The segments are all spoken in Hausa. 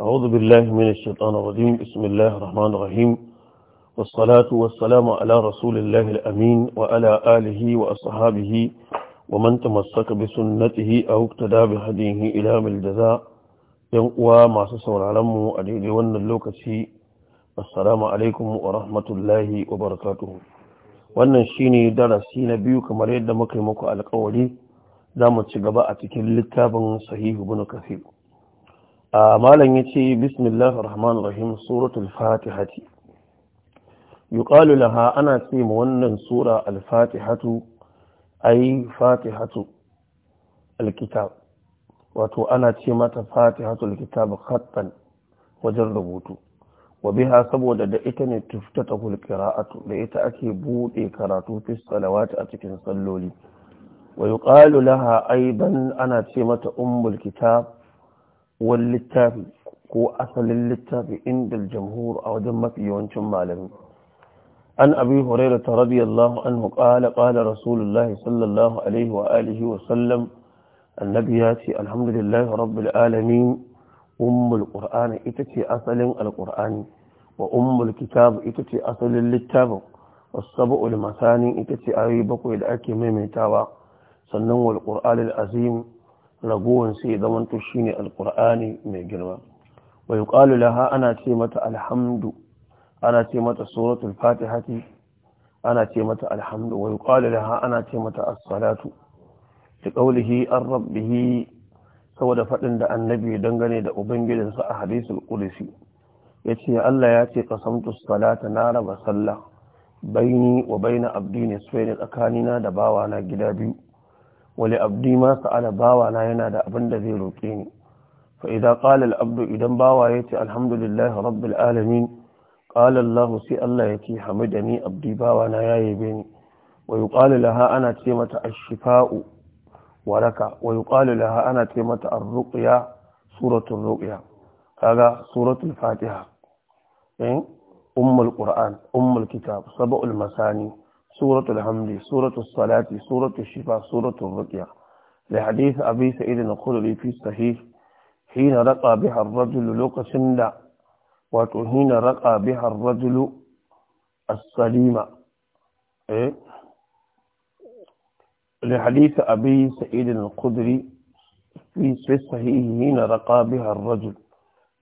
أعوذ بالله من الشيطان الرجيم بسم الله الرحمن الرحيم والصلاة والسلام على رسول الله الأمين وعلى آله وأصحابه ومن تمسك بسنته أو اقتدى بهديه إلى الجزاء ينقوى مع سسور علم أديد ون اللوكسي السلام عليكم ورحمة الله وبركاته wannan shine darasi na biyu kamar yadda muka yi muku alƙawari za mu ci gaba a cikin littafin sahihu ibn kathir malam yace bismillahir rahman rahim suratul fatihati yuqalu laha ana ce ma wannan sura al-fatihatu ay fatihatu al-kitab wato ana ce mata fatihatul kitab khattan wajen rubutu wa biha saboda da ita ne tuftatahul qira'atu da ita ake bude karatu fi salawati a cikin salloli wa yuqalu laha aidan ana ce mata ummul kitab wal littafi ko asalin littafi inda jamhur a wajen mafi yawancin malamin. an abi hurairah radiyallahu anhu qala qala rasulullahi sallallahu alaihi wa alihi wa sallam annabi ya ce alhamdulillahi rabbil alamin ummul qur'ani ita ce asalin alqur'ani wa ummul kitab ita ce asalin littafin wasabu'ul masani ita ce ayoyi bakwai da ake maimaitawa sannan wal al azim ragowar ya zamanta shi shine alkur'ani mai girma wa yuqalu laha ana ce mata alhamdu ana ce mata suratul fatihati ana ce mata alhamdu wa yuqalu laha ana ce mata assalatu da li an ar saboda fadin da annabi dangane da ubangijinsa a hadisul ya yace Allah ya ce qasamtu salata na raba sallah baini wa baina abdi ne tsakanin tsakanina da bawana gida biyu wali abdi ma sa'ala bawa na yana da abin da zai roƙe ni fa idan qala al-abdu idan bawa yace alhamdulillahi rabbil alamin qala Allah sai Allah yake hamidani abdi bawana na yayi bani wa yuqalu laha ana ce mata ash-shifa'u waraka wa yuqalu laha ana ce mata ar-ruqya suratul ruqya kaga suratul fatiha eh ummul qur'an ummul kitab sab'ul masani سورة الحمد سورة الصلاة سورة الشفاء سورة الرقية لحديث أبي سعيد نقول لي في الصحيح حين رقى بها الرجل لوكسن سندا وتحين رقى بها الرجل السليمة إيه؟ لحديث أبي سعيد القدري في الصحيح حين رقى بها الرجل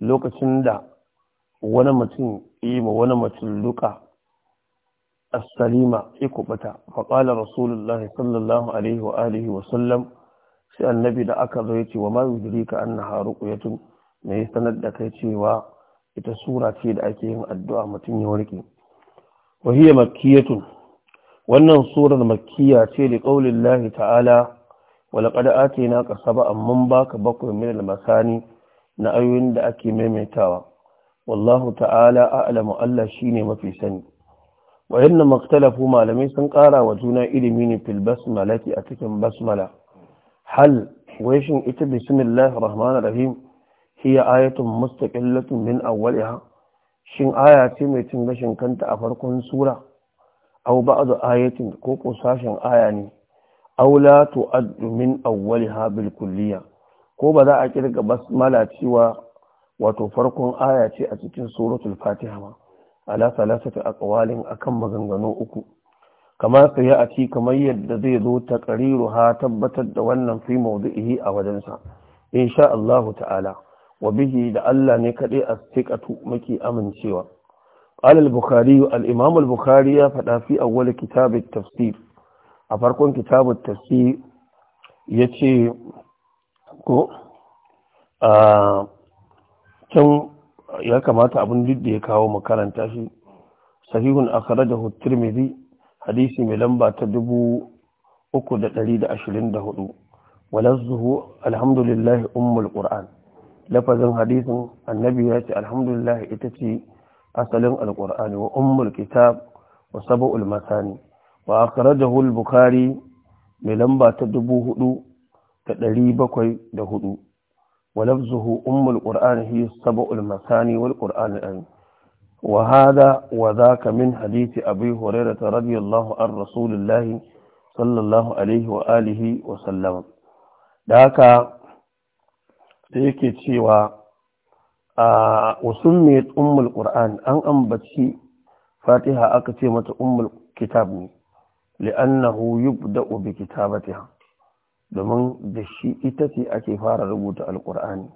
لوك سندا wani mutum yi ma wani as-salima ya kubuta faƙala rasulullah sallallahu alaihi wa wa sallam sai annabi da aka zo ya ce wa ma yudrika annaha ruqyatun ne ya sanar da kai cewa ita sura ce da ake yin addu'a mutum ya warke wa hiya makkiyatun wannan surar makkiya ce da qaulin lahi ta'ala wa laqad atina ka sab'an mun baka bakwai min al na ayoyin da ake maimaitawa wallahu ta'ala a'lamu Allah shine mafi sani wa inna maktalafu malamai sun ƙara wa juna ilimi ne fil basmalati a cikin basmala hal wai shin ita bismillahir rahmanir rahim hiya ayatun mustaqillatun min awwaliha shin aya ce mai cin gashin kanta a farkon sura aw ba'du ayatin ko ko sashin aya ne aw la tu'addu min awwaliha bil kulliya ko ba za a kirga basmala cewa wato farkon aya ce a cikin suratul fatiha ba ala salasati aqwalin akan maganganu uku kamar sai a ci kamar yadda zai zo ta qariru ha tabbatar da wannan fi mawdu'ihi a wajensa insha Allah ta'ala wa bihi da Allah ne kadai astiqatu muke amincewa قال البخاري الإمام البخاري فدا في أول كتاب التفسير أفركم كتاب tafsir. ko a ya kamata abin duk da ya kawo makaranta shi sahihun da at-tirmidhi hadisi mai lamba ta 324 walasuhu alhamdulillah ummul qur'an lafazin hadisin annabi ya ce alhamdulillah ita ce asalin alqur'ani wa ummul kitab wa sab'ul masani wa da al bukari mai lamba ta 4704 ولفظه أم القرآن هي السبع المثاني والقرآن الأن وهذا وذاك من حديث أبي هريرة رضي الله عن رسول الله صلى الله عليه وآله وسلم ذاك yake cewa a usummiyat ummul qur'an an ambaci fatiha aka ce mata ummul kitab ne li'annahu yubda'u bi kitabatiha domin da shi ita ce ake fara rubuta alkur'ani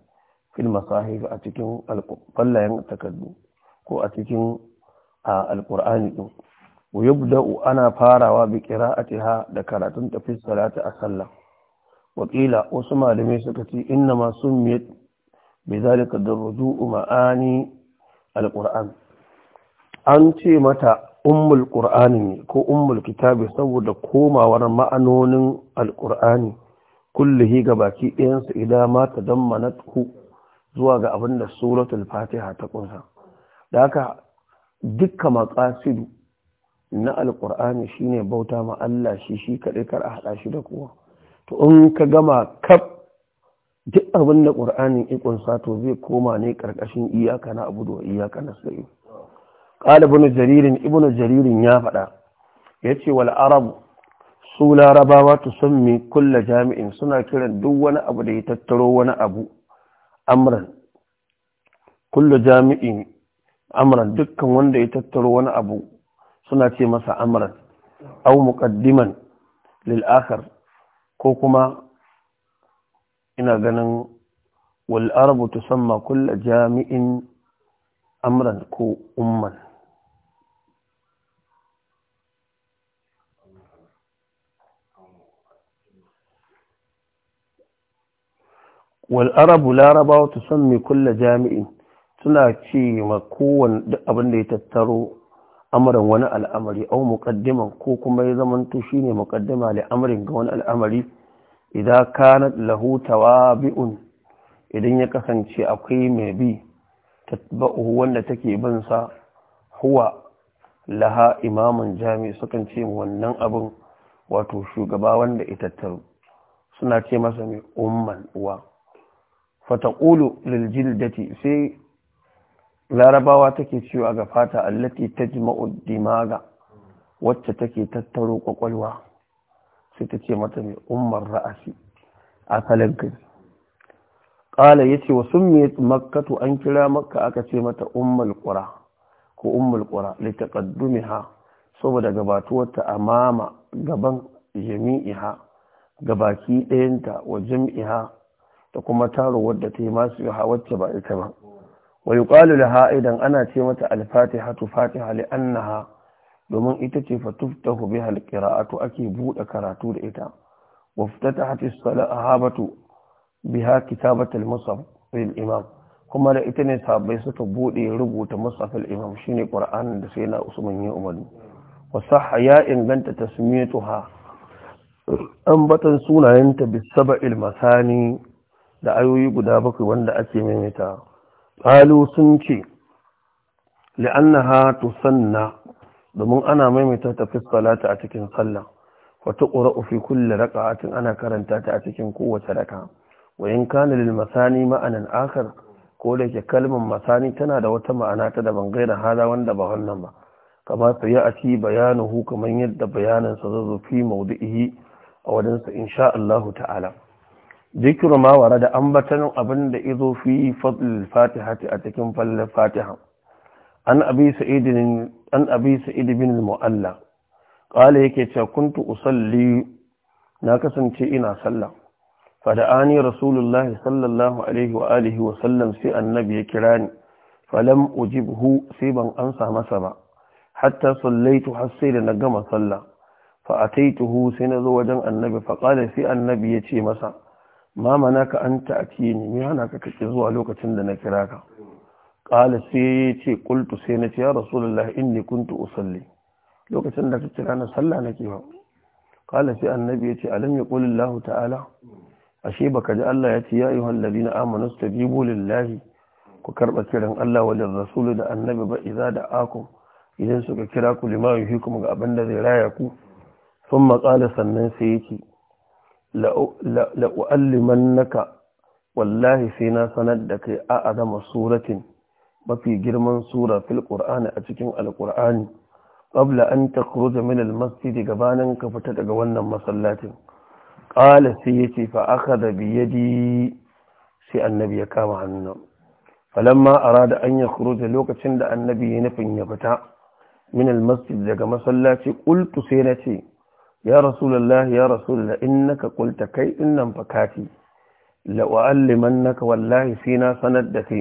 fil masahif a cikin fallayen takardu ko a cikin alkur'ani din wa yabda'u ana farawa bi qira'atiha da karatun tafis salati a sallah Waƙila wasu malamai suka ce inna ma miyar bi zalika darruju ma'ani alkur'an an ce mata ummul qur'ani ne ko ummul kitabi saboda komawar ma'anonin alkur'ani kullihi ga baki ɗayansa idan ma ta don manatku zuwa ga abin da suratul fatiha ta kunsa da haka dukkan maƙasidu na alƙur'ani shine bauta ma Allah shi shi kaɗai kar a hada shi da kowa to in ka gama kaf duk abin da ƙur'anin ikonsa to zai koma ne karkashin iyaka na abu da iyaka na sayo. ƙala ibnu jaririn ibnu jaririn ya faɗa yace wal arabu su larabawa ta san mi kulla jami'in suna kiran duk wani abu da ya tattaro wani abu amran kulla jami'in amran dukkan wanda ya tattaro wani abu suna ce masa amran au muƙaddiman lil ko kuma ina ganin wal arabu tusamma kulla jami'in amran ko umman wal'arabu larabawa ta san mai kulla jami'in suna ce ma kowane duk abin da ya tattaro amuran wani al'amari au muƙaddiman ko kuma ya zamanto shine ne li al'amarin ga wani al'amari idan kanat lahu tawabi'un idan ya kasance akwai mai bi tatba'uhu wanda take ban sa huwa laha imamun jami'i sukan ce wannan abin wato shugaba wanda ya tattaro, suna ce masa mai umman uwa fataƙulu liljil dati sai larabawa take ciwo ga fata allati tajma'u dimaga wacce take tattaro ƙwaƙwalwa sai ta ce mata mai umar ra'asi a kalankin ƙala ya ce wasu mai makkatu an kira makka aka ce mata umar ƙura ko umar ƙura litaƙaddumi ha saboda gabatuwarta a mama gaban jami'i ha gabaki ɗayanta wa jami'i ha da kuma taro wadda ta yi masu yaha wacce ba ita ba wa yuqalu laha idan ana ce mata al-fatihatu fatiha li annaha domin ita ce fatuftahu biha al-qira'atu ake buɗe karatu da ita wa ftatahat as-salatu biha kitabat al-musaf lil imam kuma da ita ne sabai suka buɗe rubuta musaf imam shine qur'anin da sai na usman ya umaru wa sahha ya inganta tasmiyatuha ambatan sunayenta bisaba'il masani da ayoyi guda bakwai wanda ake maimaita qalu sun ce li'annaha tusanna domin ana maimaita ta fi salata a cikin sallah wa tuqra'u fi kulli raka'atin ana karanta ta a cikin kowace raka wa in kana lil masani ma'anan 'akar? ko da ke kalmar masani tana da wata ma'ana ta daban gaira hada wanda ba wannan ba kamar su yi a ci bayanuhu kamar yadda bayanansa zai zo fi maudu'ihi a wadansa insha Allah ta'ala ذكر ما ورد أنبتنا أبن إذو في فضل الفاتحة أتكم فالفاتحة عن أبي سعيد عن أبي سعيد بن المؤلى قال يكي كنت أصلي ناكسا شئنا صلى فدعاني رسول الله صلى الله عليه وآله وسلم سي النبي كراني فلم أجبه سيبا أنسى مسبا حتى صليت حسير نقم صلى فأتيته سنذ وجن النبي فقال سي النبي يتي مسبا ma ka an ne mai hana ka kake zuwa lokacin da na kira ka Ƙala sai ya ce ƙultu sai na ce ya in ne kuntu usalli lokacin da ka kira na sallah nake ba Ƙala sai annabi ce, alam ya yaqul lahu ta'ala ashe ba ka ji Allah ya ce ya yi ayyuhal na amanu stajibu lillahi ku karɓa kiran Allah wa rasulu da annabi ba iza da akum idan suka kira ku limayu hukum ga abin da zai raya ku Sun maƙala sannan sai ya ce. la'u'allimannaka wallahi sai na sanar da kai a adama suratin mafi girman sura fil a cikin Alƙur'ani. ƙabla an kuruja min almasjid gabanin ka fita daga wannan masallacin ƙala sai yace fa aka da yadi sai annabi ya kama hannu falamma arada an yakhruja lokacin da annabi ya nufin ya fita min almasjid daga masallaci qultu sai na ce. ya rasulullahi ya rasulullah innaka qulta kai innan fakati la naka wallahi sai na sanar da kai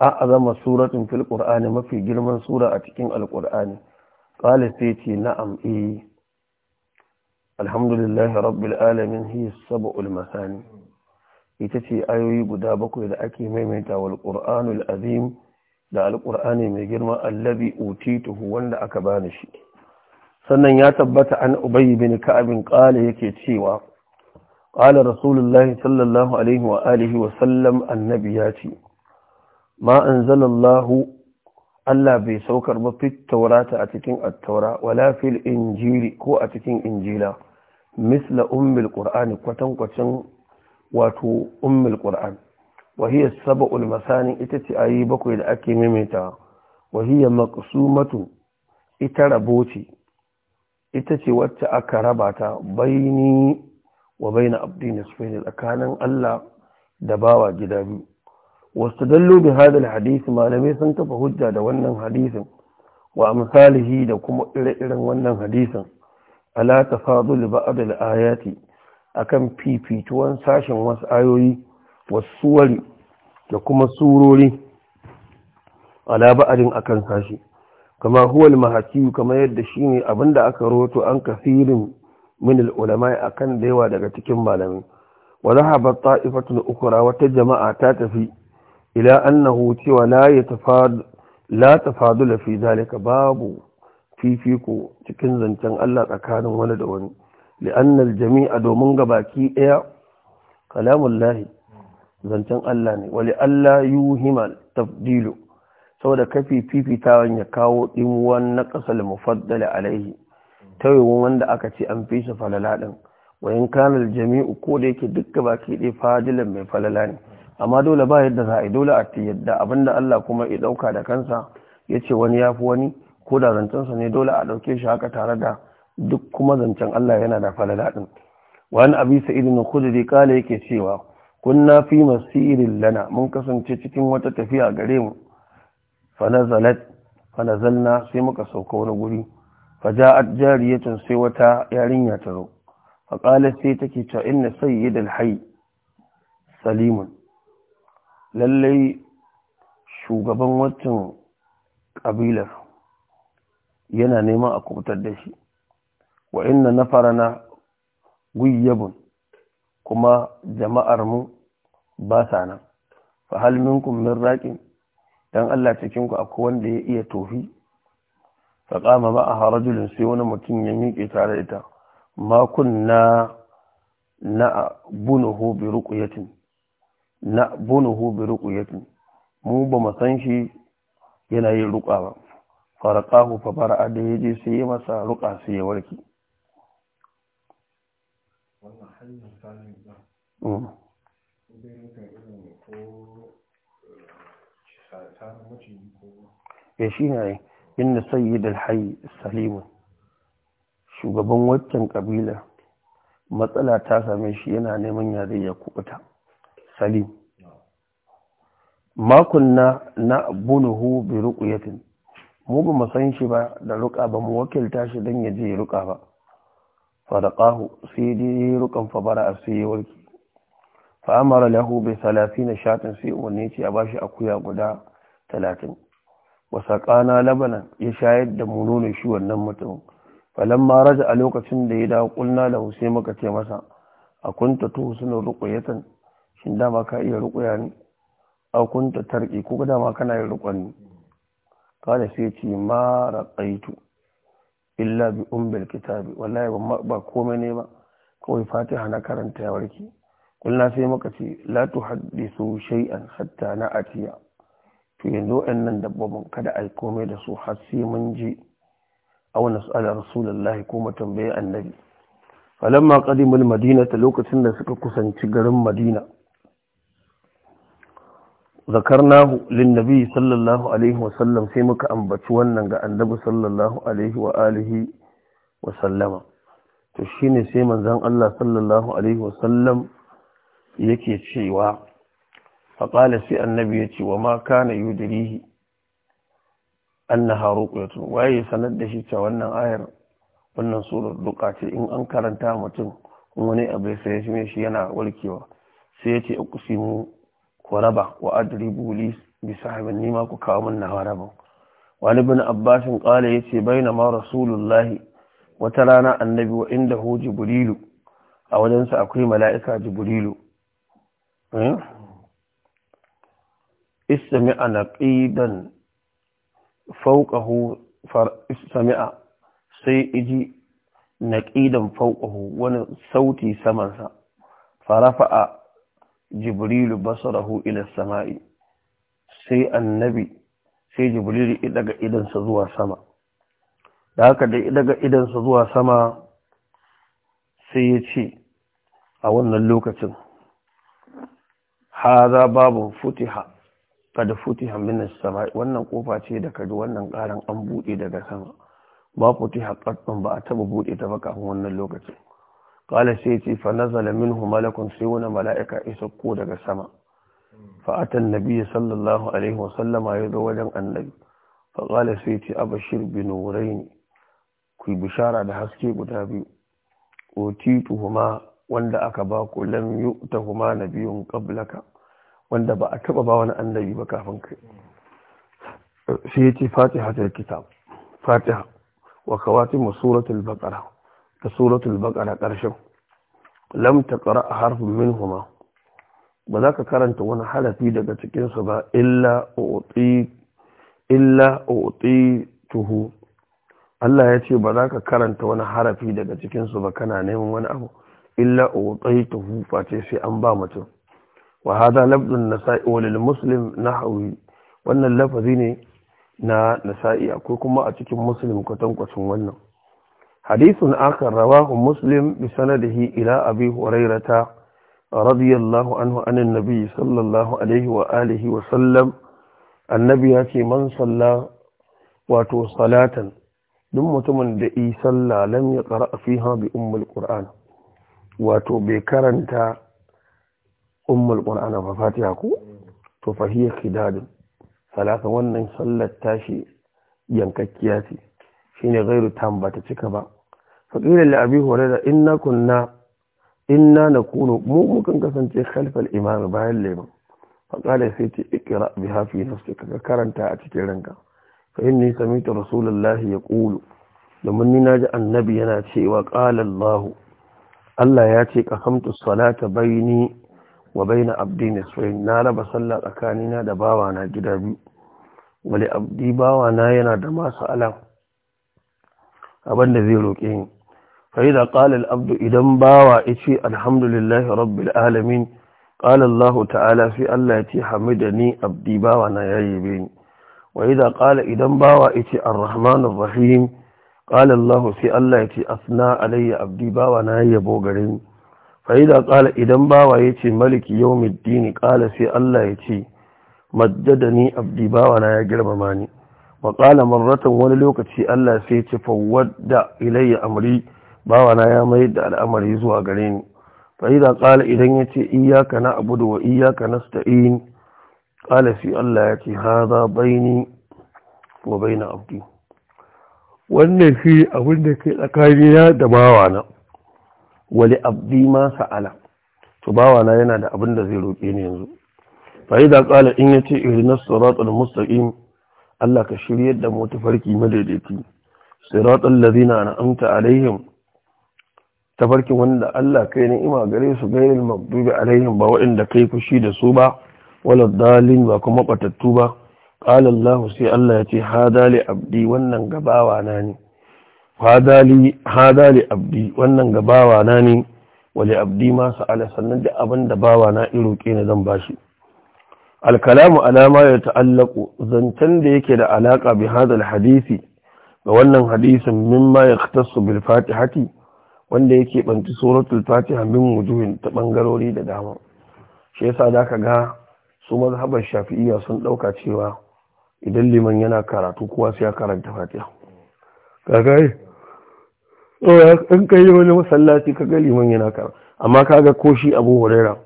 a'azama suratun fil qur'ani mafi girman sura a cikin alqur'ani qala sai ce na'am eh alhamdulillahi rabbil alamin hiya sab'ul masani ita ce ayoyi guda bakwai da ake maimaita wal qur'anul azim da Alƙur'ani mai girma allazi utituhu wanda aka bani shi sannan ya tabbata an ubayi bin ka'abin ƙala yake cewa ƙala rasulullahi sallallahu alaihi wa alihi wa sallam annabi ya ce ma Allah bai saukar ba fit taurata a cikin attaura wala fil Injiri ko a cikin injila misla ummil qur'ani kwatankwacin wato ummil ƙur'an. wa hiya sab'ul ita ce ayi bakwai da ake maimaita wa hiya ita rabo ce ita ce wacce aka raba ta baini wa baina abdi sufaini tsakanin Allah da bawa gida biyu wasu dallo bi hadal hadisi malamai sun tafa hujja da wannan hadisin wa misalihi da kuma ire-iren wannan hadisin ala fadu liba adal ayati kan fifituwan sashen wasu ayoyi wasu suwari da kuma surori ala ba'adin akan sashi kama huwal mahakiyu kamar yadda shi ne abinda aka roto an kafirin min ulama akan da yawa daga cikin malamai wa zahaba ta'ifatun ukura wata jama'a ta tafi ila annahu cewa la yatafad la tafadul fi zalika babu fifiko cikin zancen Allah tsakanin wani da wani li'annal jami'a domin gabaki daya kalamullahi zancen Allah ne wali Allah yuhimal tafdilu saboda kafi fifitawan ya kawo ɗimuwan na ƙasar mufaddala alaihi tawewin wanda aka ce an fi shi falala ɗin wayan kanar jami'u ko da yake duka baki ɗaya fadilan mai falala ne amma dole ba yadda za a yi dole a yadda abinda Allah kuma ya ɗauka da kansa ya ce wani ya fi wani ko da zancensa ne dole a ɗauke shi haka tare da duk kuma zancen Allah yana da falala ɗin wani abi sa'id na kudiri kala yake cewa kunna fi masirin lana mun kasance cikin wata tafiya gare mu fanazalat fanazalna sai muka sauka wani guri faja'at jariyatun sai wata yarinya ta zo faqalat sai take cewa inna da hayy salimun lallai shugaban waccan kabilar yana neman a kubutar da shi wa inna nafarana guyyabun kuma jama'ar mu basa nan fa hal minkum min raqin dan Allah cikinku ku akwai wanda ya iya tofi fa ba a harajulin sai wani mutum ya miƙe tare ita ma kunna na bunuhu bi ruqyatin na bunuhu bi ruqyatin mu ba mu san shi yana yin ruqa ba farqahu fa bara'a da yaje sai ya masa ruqa sai ya warke wannan hanyar mm. ko ya eh, shi ne inda da hayi salimu shugaban waccan kabila matsala ta same shi yana neman ya ya kubuta salim makon na na bunuhu bi ruqyatin mu ba mu san shi ba da ruƙa ba mu wakilta shi dan ya je ruƙa ba fadaqahu sai dai ruqan fa bara sai ya warki fa amara lahu bi 30 shatin sai ya ce a bashi akuya guda talatin wasaƙana labanan ya shayar da muno ne shi wannan mutum falan ma a lokacin da ya dawo kulna da sai muka ce masa a kunta tuhu suna ruƙuyatan shin dama ka iya rukuya ne a kunta tarki ko dama kana yin ruƙon ne kada sai ce ma ƙaitu illa bi umbil kitabi wallahi ba komai ne ba kawai fatiha na karanta ya warke kulna sai muka ce la tuhaddisu shay'an hatta na atiya to yanzu nan dabbobin kada a komai da su har sai mun ji aw nas'ala rasulullahi ko mu tambaye annabi falamma madina ta lokacin da suka kusanci garin madina zakarnahu linnabi sallallahu alaihi wasallam sai muka ambaci wannan ga annabi sallallahu alaihi wa alihi wasallama to shine sai manzon Allah sallallahu alaihi wasallam yake cewa faƙala sai annabi ya ce wa ma kana yudirihi annaha ruqyatun waye sanar da shi ta wannan ayar wannan surar duka ce in an karanta mutum wani abu sai shi shi yana warkewa sai ya ce uqsimu ku raba wa adribu li bi sahibin nima ku kawo min na raba wani ibn abbas qala yace ma rasulullahi wata rana annabi wa inda hu jibrilu a wajensa akwai mala'ika jibrilu istami'a naqidan fawqahu far istami'a sai iji naqidan fawqahu wani sauti samansa farafa'a jibrilu basarahu ila samai sai annabi sai jibrilu daga idansa zuwa sama da haka da daga idansa zuwa sama sai ya ce a wannan lokacin haza babu futiha qad futiha min as-sama'i wannan kofa ce da kaji wannan karan an bude daga sama ba futiha qad ba a taba bude ta ba kafin wannan lokacin qala sai ce fa nazala minhu malakun sai wani mala'ika isa ko daga sama fa ata annabi sallallahu alaihi wa sallama ya zo wajen annabi fa qala sai ce abashir bi nurayn ku bishara da haske guda biyu tuhuma wanda aka ba ku lam yu'tahuma biyun qablaka wanda ba a taba ba wani annabi ba kafin kai shi yace fatihatul kitab fatiha wa kawatimu suratul baqara ta suratul baqara karshen lam taqra harfun minhuma ba za ka karanta wani harafi daga cikin su ba illa uti illa uti tuhu Allah ya ce ba za ka karanta wani harafi daga cikin su ba kana neman wani abu illa uti tuhu face sai an ba mutum Wahaza, hada labdun nasa'i wa lil muslim nahwi wannan lafazi ne na nasa'i akwai kuma a cikin muslim kwatankwacin wannan hadisun akan rawahu muslim bi sanadihi ila abi hurairata radiyallahu anhu anin nabi sallallahu alaihi wa wa sallam annabi ya ce man salla wato salatan duk mutumin da yi salla lam ya qara fiha bi ummul qur'an wato bai karanta ummul qur'ana wa fatiha ko to fa hiya khidad salasa wannan sallar tashi yankakkiya ce shine gairu tam ba ta cika ba fa qila li abi hurairah inna kunna inna nakunu mu mukan kasance khalfal imam bayan liman fa qala sai ce ikra biha fi nafsika ka karanta a cikin ranka fa inni sami'tu rasulullahi yaqulu domin ni naji annabi yana cewa qala allah Allah ya ce ta salata ni. wa baina abdi nisfain na raba sallah tsakanina da bawa na gida biyu wali abdi bawa na yana da masu alam abinda zai roƙe ni fa idza qala abdu idan bawa yace alhamdulillahi rabbil alamin qala allah ta'ala fi allah da ni abdi bawa na yayibe ni wa idza qala idan bawa yace arrahmanir rahim qala allah fi allah yace asna alayya abdi bawa na yabo garin fa'ida ƙala idan bawa ya ce maliki yau middini ƙala sai Allah ya ce majjada ni abdi bawa na ya girmama ni wa ƙala marratan wani lokaci Allah sai ce fawwadda ilayya amri bawa na ya mayar da al'amari zuwa gare ni fa'ida ƙala idan ya ce iyaka na abudu wa iyaka na sta'in ƙala sai Allah ya ce haza baini wa baina abdi wannan shi abin da ke tsakanina da bawa na wali abdi ma sa'ala to bawa na yana da abin da zai roƙe ni yanzu fa idza qala in yace ihdinas siratal mustaqim Allah ka shiryar da mu tafarki madaidaiti siratal ladina an'amta alaihim tafarkin wanda Allah kai ni'ima gare su gairil maghdubi alaihim ba waɗanda kai fushi da su ba wala dalin ba kuma batattu ba qala Allah sai Allah yace hadali abdi wannan gabawa na ne hada li abdi wannan ga bawa na ne wali abdi ma sa'ala sannan da abin da bawa na iroke ne zan bashi alkalamu alama ya ta'allaku zancen da yake da alaka bi hadal hadisi ga wannan hadisin mimma ya su bil fatihati wanda yake banci suratul fatiha min wujuhin ta bangarori da dama shi yasa zaka ga su mazhabar shafi'iyya sun dauka cewa idan liman yana karatu kowa sai ya karanta fatiha kaga in ka yi wani masallaci ka ga liman yana kara amma ka ga koshi abu huraira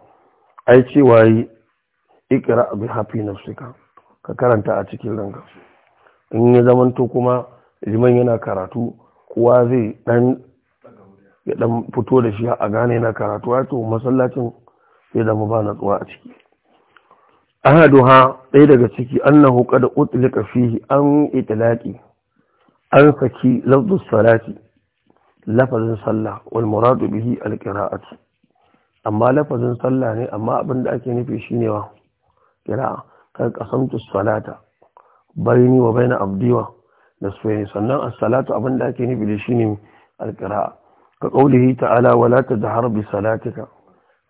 ai cewa yi ikira abin hafi suka ka karanta a cikin ranka in ya zamanto kuma liman yana karatu kowa zai dan ya dan fito da shi a gane yana karatu a to masallacin ya zama ba na natsuwa a ciki Ana ahaduha ɗaya daga ciki annahu qad utlika fihi an itlaqi an saki lafzus salati lafazin sallah wal muradu bihi al amma lafazin sallah ne amma abin da ake nufi shine wa qira'a kan qasamtu salata baini wa baina abdi wa nasfayn sannan as-salatu abin da ake nufi da shine al qira'a ka qawlihi ta'ala wala tajhar bi salatika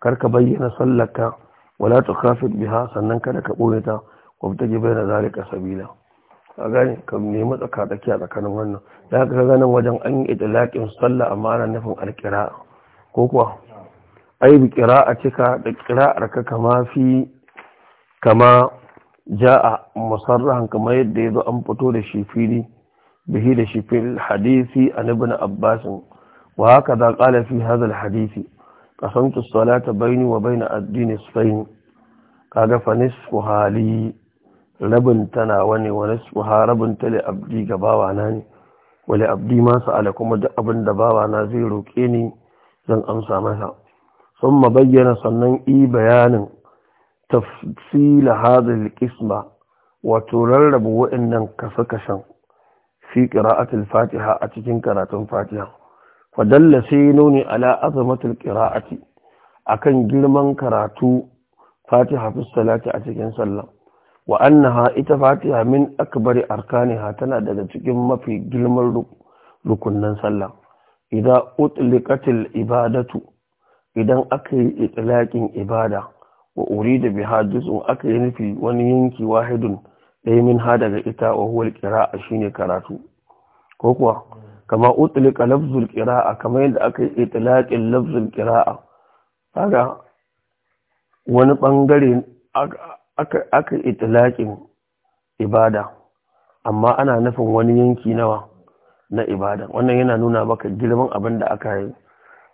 karka bayyana sallaka wala tukhafit biha sannan kada ka boye ta wabtaji baina zalika sabila a gani ka nemi tsaka tsaki a tsakanin wannan Ya ka ganin wajen an yi itilaƙin sallah amma ana nufin alƙira ko kuwa ai bi a cika da ƙira'ar ka kama fi kama Ja a musarrahan kamar yadda ya zo an fito da shi fili bihi da shi fili. hadisi a ibn abbas wa haka za qala fi hadha hadisi qasamtu as-salata bayni wa bayna ad-din kaga fanis ku hali rabin tana wani wani rabin ta li abdi ga bawa na ne wali abdi masu ala kuma duk abin da bawa na zai roƙe ni zan amsa masa sun bayyana sannan i bayanin tafsila hadhihi al-qisma wato rarraba wa'annan kasakashan fi qira'atil fatiha a cikin karatun fatiha fadalla sai nuni ala azamatil qira'ati akan girman karatu fatiha fi salati a cikin sallah Wa'annaha, ita fatiha min akbari arkaniha tana daga cikin mafi girman rukunnan sallah idza utliqatil ibadatu idan aka yi itlaqin ibada wa urida biha juz'un aka yi nufi wani yanki wahidun dai min ha daga ita wa huwa alqira'a shine karatu ko kuwa kama utliqa lafzul qira'a kamar yadda aka yi itlaqin lafzul qira'a kaga wani bangare aka aka itlaqin ibada amma ana nufin wani yanki nawa na ibada wannan yana nuna maka girman abin da aka yi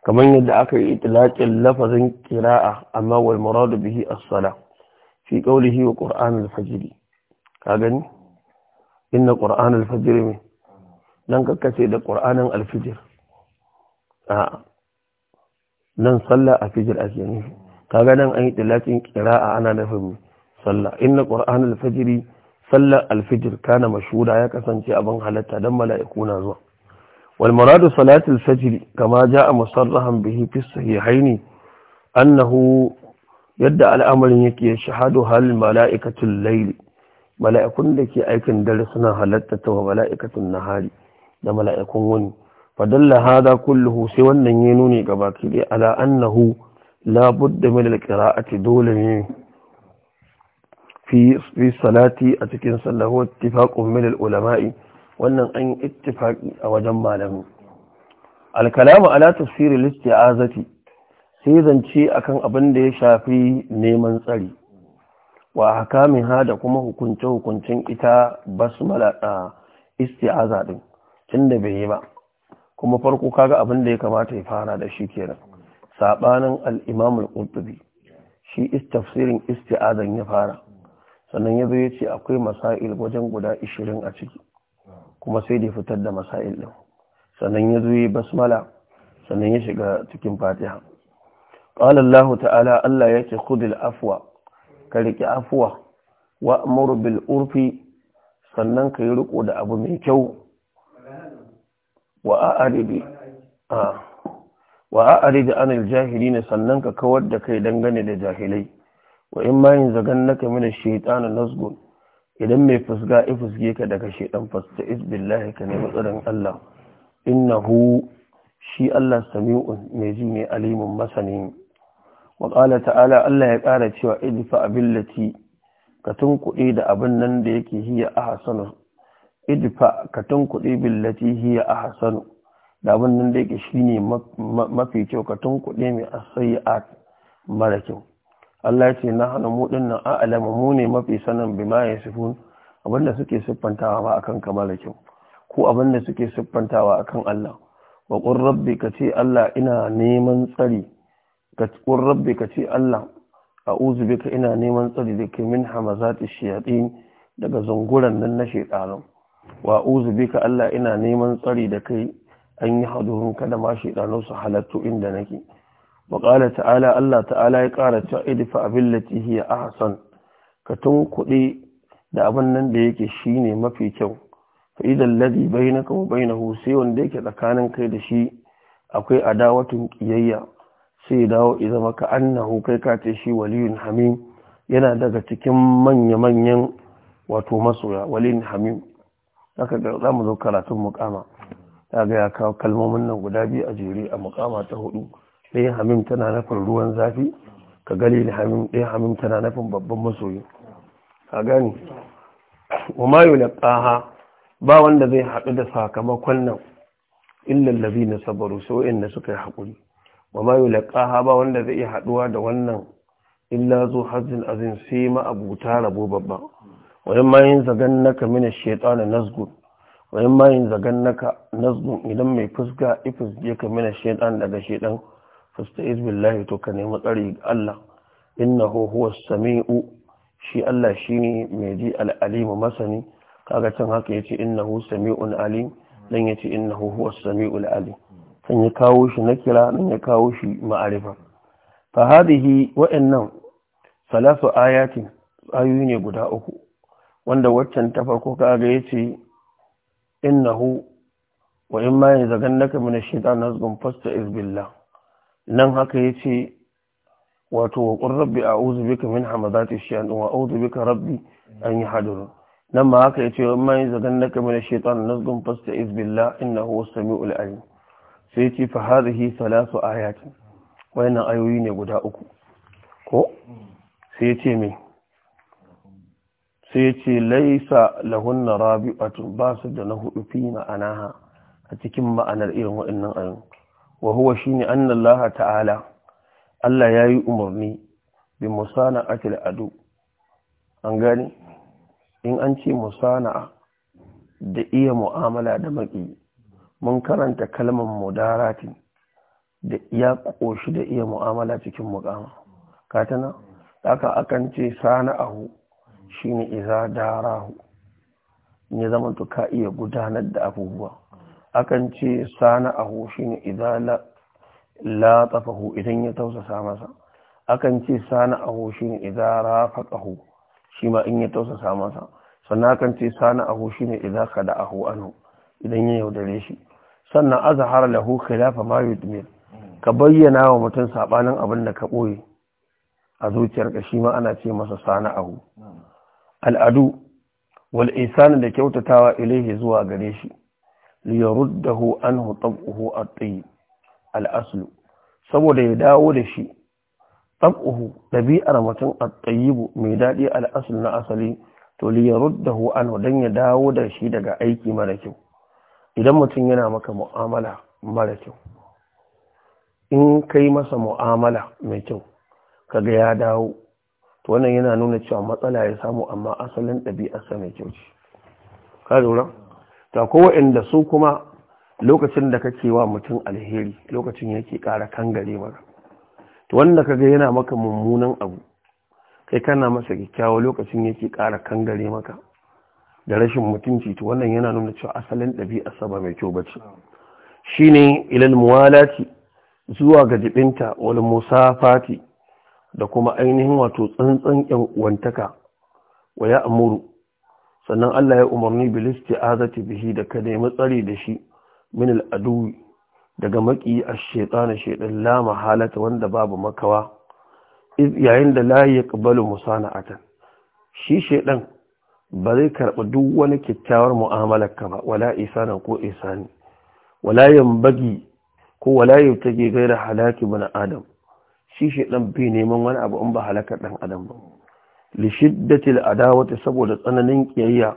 kamar yadda aka yi itlaqin lafazin qira'a amma wal muradu bihi as-sala fi qawlihi wa qur'an al-fajr ka gani inna qur'an al-fajr min nan kace da qur'anin al-fajr a nan sallah a fajr ake nufi kaga nan an yi itlaqin qira'a ana nufin sallah inna qur'an al-fajr sallar al-fajr kana mashhuda ya kasance abin halatta dan mala'iku na zuwa wal muradu salati al-fajr kama jaa musarrahan bihi fi sahihayn annahu yadda al'amarin yake shahadu hal mala'ikatul layl mala'ikun da ke aikin dare suna halatta ta mala'ikatun nahari da mala'ikun wani fadalla hada kulluhu sai wannan ya nuni gaba kire ala annahu la budda min al-qira'ati dole ne fi salati a cikin sallahu ittifaqun min ulamai wannan an yi ittifaqi a wajen malami al ala tafsirin al-isti'azati sai zance akan abin da ya shafi neman tsari wa hakamiha da kuma hukunce hukuncin ita basmala a isti'aza din tunda bai yi ba kuma farko kaga abin da ya kamata ya fara da shi kenan sabanin al-imam al shi shi tafsirin isti'azan ya fara sannan ya zo ya ce akwai masail wajen guda ishirin a ciki kuma sai da fitar da masail ɗin sannan ya zo ya basmala sannan ya shiga cikin fatiha ƙalallahu ta'ala Allah ya khudil afwa ka riƙe afuwa wa amuru bil urfi sannan ka yi riko da abu mai kyau wa wa a'ridi anil jahili ne sannan ka kawar da kai dangane da jahilai wa in ma yin zagan da mina na nasgun idan mai fusga ya fusge ka daga shaitan fasta isbillahi ka nemi tsarin Allah innahu shi Allah sami'un mai ji ne alimun masani wa qala ta'ala Allah ya ƙara cewa idfa billati ka tunkuɗe da abin nan da yake hiya ahsanu idfa ka tunkuɗe billati hiya ahsanu da abin nan da yake shine mafi kyau ka tunkuɗe mai asayi'at mara kyau Allah ya ce na hana mu din nan a'lamu mu ne mafi sanin bima yasifun abinda suke siffantawa ba akan kamala kyau ko abinda suke siffantawa akan Allah wa qur rabbi ce Allah ina neman tsari ka qur rabbi ce Allah a'udhu bika ina neman tsari dake min hamazati shayatin daga zunguran nan na shaytanin wa a'udhu bika Allah ina neman tsari da kai an yi haduhun kada ma shaydanu su halattu inda nake waƙala ta'ala Allah ta'ala ya ƙara cewa idfa abillati a ahsan ka kuɗi da abin nan da yake shine mafi kyau fa idan ladhi bainaka wa bainahu sai wanda yake tsakanin kai da shi akwai adawatun kiyayya sai dawo idan maka annahu kai ka ce shi waliyun hamim yana daga cikin manya-manyan wato masoya waliyun hamim haka ga za mu zo karatun mukama ya ga ya kawo kalmomin nan guda biyu a jere a mukama ta hudu ɗaya hamim tana nufin ruwan zafi ka da hamim ɗaya hamim tana nufin babban masoyi a gani wa mayu laqaha ba wanda zai haɗu da sakamakon nan illal na sabaru so inda suka yi hakuri wa mayu laqaha ba wanda zai iya haɗuwa da wannan illa zo hazin azin sai ma abuta rabo babba wayan ma yin zagan naka mina mini nazgun wayan ma zagan naka nazgun idan mai fuska ifis ya ka mini shaytan daga shaitan fasta'iz billahi to ka nemi tsari Allah innahu huwas sami'u shi Allah shine mai ji masani kaga can haka ya yace innahu sami'un alim dan yace innahu huwa sami'ul alim kan ya kawo shi na kira nan ya kawo shi ma'arifa fa hadhihi nan. salasu ayati ayoyi ne guda uku wanda waccan ta farko kaga yace innahu wa imma yazagannaka min ash-shaytan nazgun fasta'iz billahi nan haka ya ce wato wa rabbi a uzu bika min hamazati shiyan wa uzu bika rabbi an yi hadurun nan ma haka ya ce wa ma yi zagan na kamar shaitan nazgun fasta izbillah inna huwa sami'ul alim sai ce fa hadhihi salasu ayatin wayannan ayoyi ne guda uku ko sai ya ce me sai ce laisa lahunna rabi'atun ba su da na hudu fi ma'anaha a cikin ma'anar irin waɗannan ayoyi wa huwa shine annallaha ta'ala Allah ya yi umarni bi musana'atil adu an gani in an ce musana'a da iya mu'amala da maki mun karanta kalmar mudarati da ya koshi da iya mu'amala cikin mukama katana haka akan ce sana'ahu shine iza darahu ne zama to ka iya gudanar da abubuwa akan ce sana a hushi ne idan la tafahu idan ya tausasa masa akan ce sana a hushi ne idan rafaqahu shi ma in ya tausasa masa sannan akan ce sana a hushi ne idan kada'ahu anhu idan ya yaudare shi sannan azhara lahu khilafa ma yudmir ka bayyana wa mutum saɓanin abin da ka ɓoye a zuciyarka shi ma ana ce masa sana'ahu hmm. al'adu wal ihsan da kyautatawa ilaihi zuwa gare shi liyaruddahu anhu tab'uhu at-tayyib al-aslu saboda ya dawo da shi tab'uhu dabi'ar mutum at-tayyib mai dadi al-aslu na asali to liyaruddahu anhu dan ya dawo da shi daga aiki mara kyau idan mutum yana maka mu'amala mara kyau in kai masa mu'amala mai kyau kaga ya dawo to wannan yana nuna cewa matsala ya samu amma asalin ɗabi'arsa mai kyau ce ka lura ta kowa inda su kuma lokacin da kake wa mutum alheri lokacin yake ƙara kangare maka to wanda kaga yana maka mummunan abu kai kana masa kyakkyawa lokacin yake ƙara kangare maka da rashin mutunci to wannan yana nuna cewa asalin ɗabi'a saba mai kyau bace shine ilal muwalati zuwa ga jibinta wal musafati da kuma ainihin wato tsantsan yan uwantaka wa amuru sannan Allah ya umarni bil isti'azati bihi da ka nemi tsari da shi min al daga maki ash-shaytan shaytan la mahalata wanda babu makawa yayin da la yaqbalu musana'atan shi shaytan ba zai karɓi duk wani kyakkyawar mu'amalar ka ba wala isanan ko isani wala yambagi ko wala yabtage gaira halaki bin adam shi shaytan bai neman wani abu in ba halakar ɗan adam ba li adawati saboda tsananin kiyayya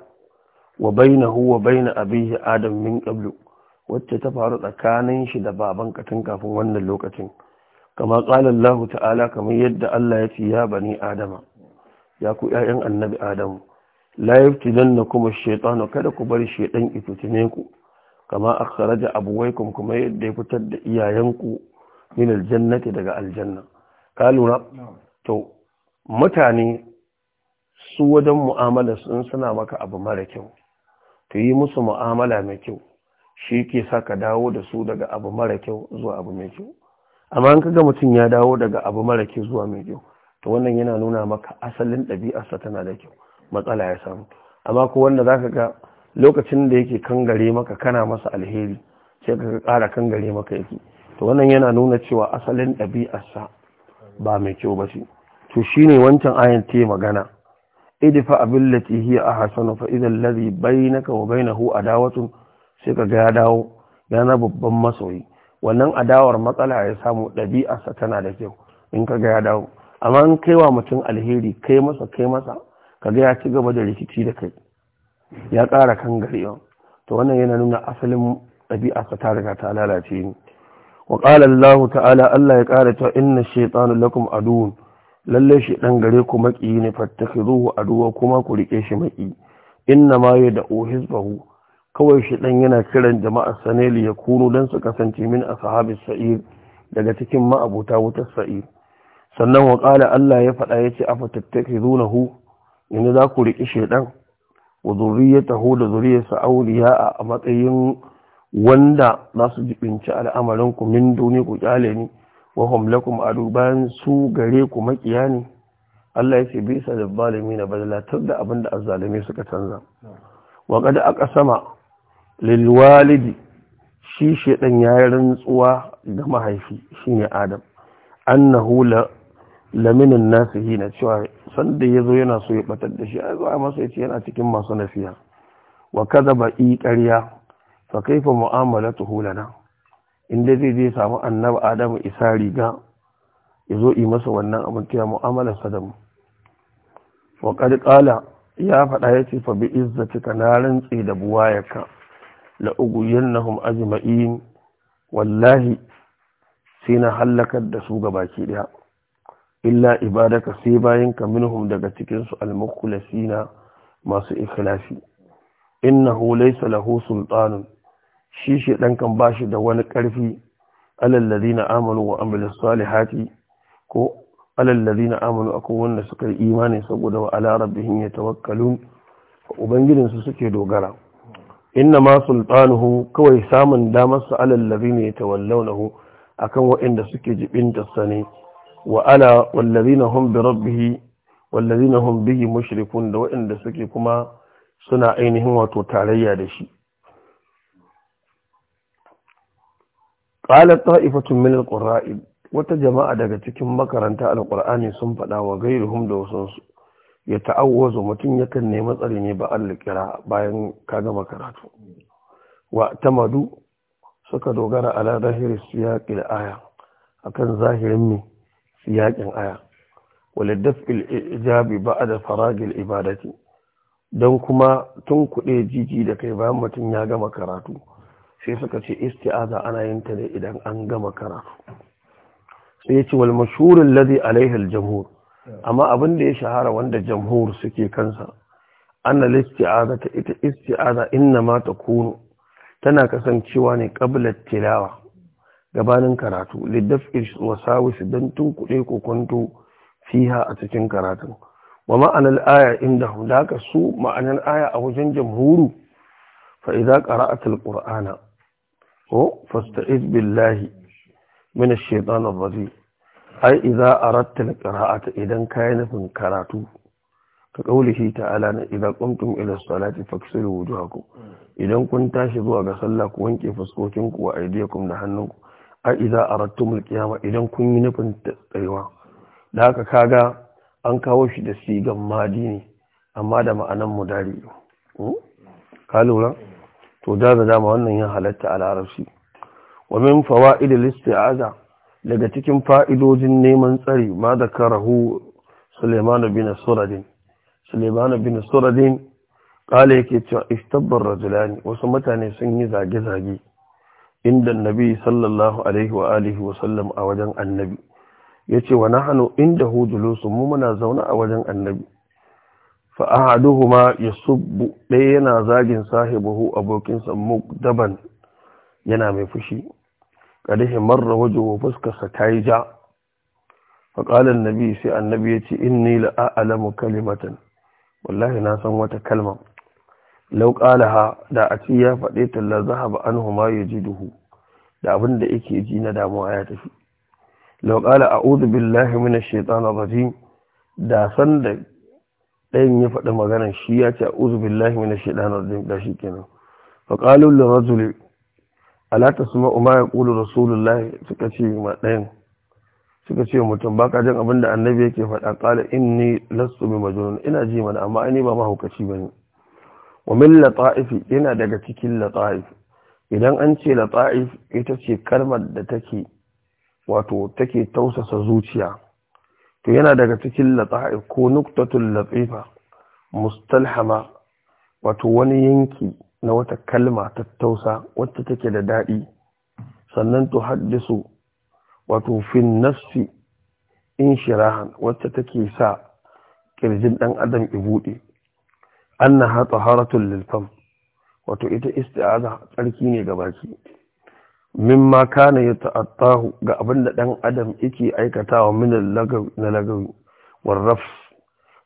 wa bainahu wa bain abihi adam min qablu wacce ta faru tsakanin shi da baban katin kafin wannan lokacin kama qala Allah ta'ala kamar yadda Allah ya ce ya bani adama ya ku ƴaƴan annabi adamu la yaftidannakum kuma shaytanu kada ku bar shaytan ifitine ku kama akhraja abuwaykum kuma yadda ya fitar da iyayenku min aljannati daga aljanna ka lura to mutane su wajen mu'amala sun suna maka abu mara kyau to yi musu mu'amala mai kyau shi ke sa ka dawo da su daga abu mara kyau zuwa abu mai kyau amma an kaga mutum ya dawo daga abu mara kyau zuwa mai kyau to wannan yana nuna maka asalin ɗabi'arsa tana da kyau matsala ya samu amma ko wanda za ka ga lokacin da yake kangare maka kana masa alheri sai ka ƙara kangare maka yake to wannan yana nuna cewa asalin ɗabi'arsa ba mai kyau ba ce to shine wancan ayan te magana idfa abillati hiya ahsanu fa idha alladhi bainaka wa bainahu adawatun sai ka ga ya dawo yana babban masoyi wannan adawar matsala ya samu ɗabi'arsa tana da kyau in ka ga ya dawo amma in kai wa mutum alheri kai masa kai masa ka ga ya ci gaba da rikici da kai ya ƙara kan gari to wannan yana nuna asalin ɗabi'arsa ta riga ta lalace ne wa qala Allah ta'ala Allah ya ƙara ta inna shaytanu lakum aduwwun lalle shi dan gare ku maki ne fattakhiruhu aduwa kuma ku rike shi maki inna ma ya da hizbahu kawai shi dan yana kiran jama'a saneli ya kunu dan su kasance min ashabis sa'ir daga cikin ma'abuta wuta sa'ir sannan wa qala Allah ya faɗa yace afatattakhirunahu inda za ku rike shi dan wa zurriyatahu da zuriyarsa awliya a matsayin wanda za su jibinci al'amarin ku min duni ku kyale ni wahum lakum adu bayan su gare ku makiya ne Allah ya ce bisa da zalimi na badalatar da abin da azzalimi suka canza wa kada aka sama lilwalidi shi shedan ya rantsuwa ga mahaifi shine adam annahu la laminin nasihi na cewa sanda ya zo yana so ya batar da shi a zuwa masa ya yana cikin masu nafiya wa kadaba i ƙarya fa kaifa mu'amalatuhu lana inda zai je samu annabi adamu isa riga ya zo yi masa wannan abin kira mu'amalarsa sadamu mu wa ƙala ya faɗa ya ce fabi ka na rantse da buwayaka la uguyannahum ajma'in wallahi sai na hallakar da su ga baki ɗaya. illa ibadaka sai bayan ka minhum daga cikinsu su na masu ikhlasi innahu laysa lahu sultanun shi shi ɗan kan ba shi da wani ƙarfi alallazi na amalu wa sali hati ko alallazi na amanu a wanda suka yi imani saboda wa ala rabbihim tawakkalu a ubangijinsu suke dogara inna ma sultanuhu kawai samun damarsa alallazi ne ya tawallaunahu akan waɗanda suke jibinta sane wa ala wallazi na hun bi rabbihi wallazi na hun bihi mushrikun da waɗanda suke kuma suna ainihin wato tarayya da shi ƙalar ta'ifatun min alqurra'i wata jama'a daga cikin makaranta alqur'ani sun faɗa wa gairuhum da wasansu ya ta'awwazu mutum yakan nemi tsari ne ba Allah kira bayan ka gama karatu wa tamadu suka dogara ala zahiri siyaqil aya akan zahirin mi siyaqin aya ولدفع الإجاب da فراغ ibadati, don kuma tun kuɗe jiji da kai bayan mutum ya gama karatu sai suka ce isti'aza ana yin ta ne idan an gama karatu sai yace wal mashhur alladhi al-jamhur amma abin da ya shahara wanda jamhur suke kansa anna istiaza ta ita isti'aza inna ma takunu tana kasancewa ne qabla tilawa gabanin karatu lidaf'i wasawis dan tunkuɗe ko kwanto fiha a cikin karatun wa ma'anar aya inda da ka su ma'anar aya a wajen jamhuru fa'iza ƙara'atul ƙur'ana فاستعذ بالله من الشيطان الرجيم اي اذا اردت القراءه اذا كان في كراتو كقوله تعالى اذا قمتم الى الصلاه فاغسلوا وجوهكم اذا كنت تشبوا بصلاك وانك فسكوتنك وأيديكم لحنك أي إذا أردتم القيامة إذا كن من كنت أيوة لك كاغا ان kawo شي da sigan madi ne amma da ma'anan mudari to da da dama wannan yin halatta a larabci wa min fawaid al-isti'aza daga cikin fa'idojin neman tsari ma da karahu Suleiman bin Suradin Suleiman bin Suradin kale yake cewa istabbar rajulani wasu mutane sun yi zage-zage inda annabi sallallahu alaihi wa alihi wa sallam a wajen annabi yace wa nahnu indahu julusun mu muna zauna a wajen annabi fa'ahaduhuma yasubbu ɗaya yana zagin sahibuhu abokinsa mukdaban yana mai fushi qadihi marra wa fuskarsa tayi ja fa qala annabi sai annabi yace inni la a'lamu kalimatan wallahi na san wata kalma law da a ci ya faɗe ta la zahaba anhu ma yajiduhu da abinda da yake ji na damuwa ya tafi law qala a'udhu billahi minash rajim da san da ɗayan ya faɗi magana shi ya ce uzu billahi mina shaidanar da shi kenan faƙalun da rajuli alata su ma'uma ya ƙulu rasulullahi suka ce ma ɗayan suka ce mutum ba ka jan abin da annabi yake faɗa ƙala in ni lasu mai majalun ina ji mana amma ni ba mahaukaci ba ne wa min lata'ifi yana daga cikin lata'ifi idan an ce lata'if ita ce kalmar da take wato take tausasa zuciya to yana daga cikin latsa'i ko nuktatul latifa mustalhama wato wani yanki na wata kalma tattausa wacce take da daɗi sannan to haddisu wato fin nafsi in shirahan wacce take sa kirjin ɗan adam i buɗe annaha taharatul lil fam wato ita isti'aza tsarki ne ga baki mimma kana ya ta'attahu ga abin da ɗan adam yake aikatawa min na lagawi warraf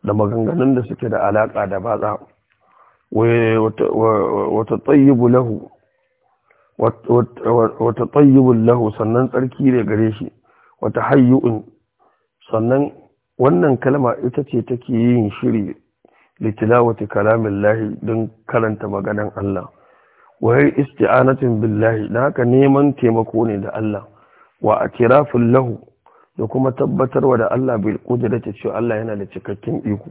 da maganganun da suke da alaƙa da batsa wata tsayyibu lahu wata tsayyibun lahu sannan tsarki da gare shi wata hayyu'un sannan wannan kalma ita ce take yin shiri wata kalamin lahi don karanta maganan Allah wayar isti'anatin billahi da haka neman taimako ne da Allah wa a kira lahu da kuma tabbatarwa da Allah bai qudrati cewa Allah yana da cikakken iko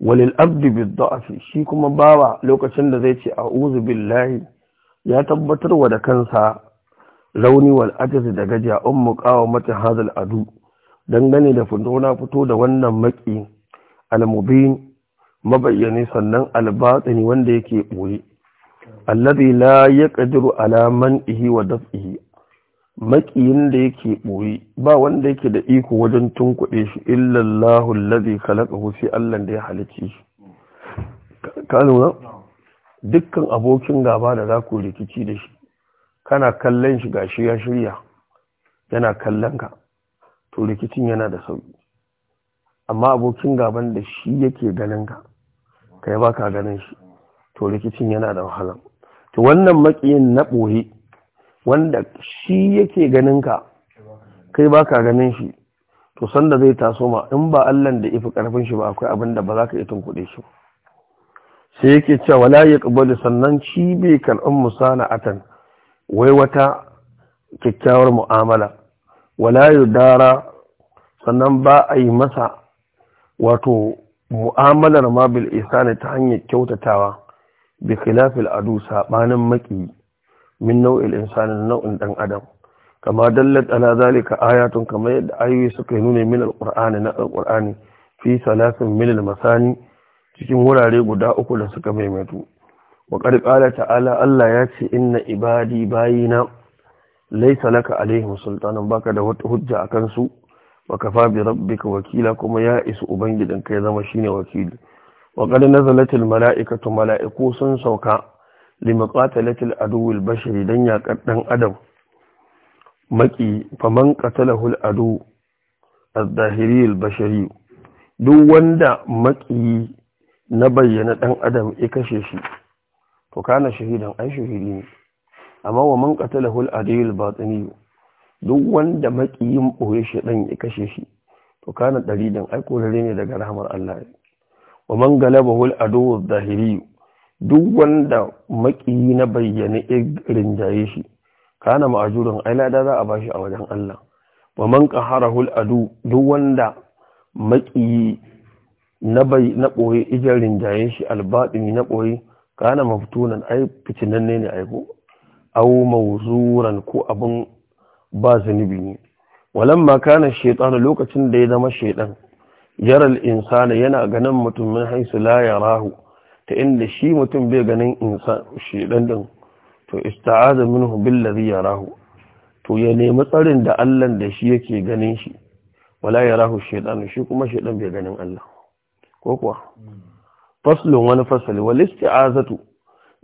walil abdi bi da'fi shi kuma bawa lokacin da zai ce a'udhu billahi ya tabbatarwa da kansa rauni wal ajzi da gajiya ummu qawmati hadal adu dangane da fundona fito da wannan maki al-mubin mabayyani sannan al-batini wanda yake boye alladhi la yaqdiru alaman ihi wa daf'ihi makiyin da yake boye ba wanda yake da iko wajen tunkuɗe shi Illallahu Allahu alladhi khalaqahu sai Allah da ya halice shi ka lura dukkan abokin gaba da za ku rikici da shi kana kallon shi gashi ya shirya yana kallon ka to rikicin yana da sauki amma abokin gaban da shi yake ganin ka kai baka ganin shi to rikicin yana da wahala to wannan makiyin na ɓoye wanda shi yake ganin ka kai ba ka ganin shi to sanda zai taso ma in ba allan da ifi karfin shi ba akwai abin da ba za ka yi tunkuɗe shi sai yake cewa wala ya ƙabalu sannan shi bai karɓar na atan wai wata kyakkyawar mu'amala wala ya dara sannan ba a yi masa wato mu'amalar ma bil isani ta hanyar kyautatawa bi khilafil adu sabanin maki min nau'il insani nau'in dan adam kama dallat ala zalika ayatun kama yadda ayoyi suka nuna min alqur'ani na alqur'ani fi salasin min almasani cikin wurare guda uku da suka maimaitu wa qad qala ta'ala Allah ya ce inna ibadi bayina laysa laka alaihim sultanan baka da wata hujja akan su wa kafa bi rabbika wakila kuma ya isu ubangidanka ya zama shine wakili wa qad nazalatil mala'ikatu mala'iku sun sauka limaqatalatil aduwil bashari dan yakar dan adam maki faman qatalahu al adu az-zahiri al wanda maki na bayyana dan adam ya kashe shi to shahidan ai shahidi ne amma wa man qatalahu al adu wanda makiyin boye shi dan ya kashe shi to kana dalidan ai korare ne daga rahmar Allah wa man galabahu al-adu duk wanda makiyi na bayyane irin jaye shi kana ma'ajurin ai lada za a bashi a wajen Allah wa man qaharahu al-adu duk wanda makiyi na bay na boye ijarin jaye shi al-batini na boye kana maftunan ai fitinanne ne ai ko aw mawzuran ko abin ba zunubi ne walamma kana shaytan lokacin da ya zama shaytan jaral insana yana ganin mutumin haisula haisu la yarahu ta inda shi mutum bai ganin insan shi din to ista'aza minhu billazi yarahu to ya nemi tsarin da Allah da shi yake ganin shi wala yarahu shaytan shi kuma shaytan bai ganin Allah ko kuwa faslun wani fasali wal isti'azatu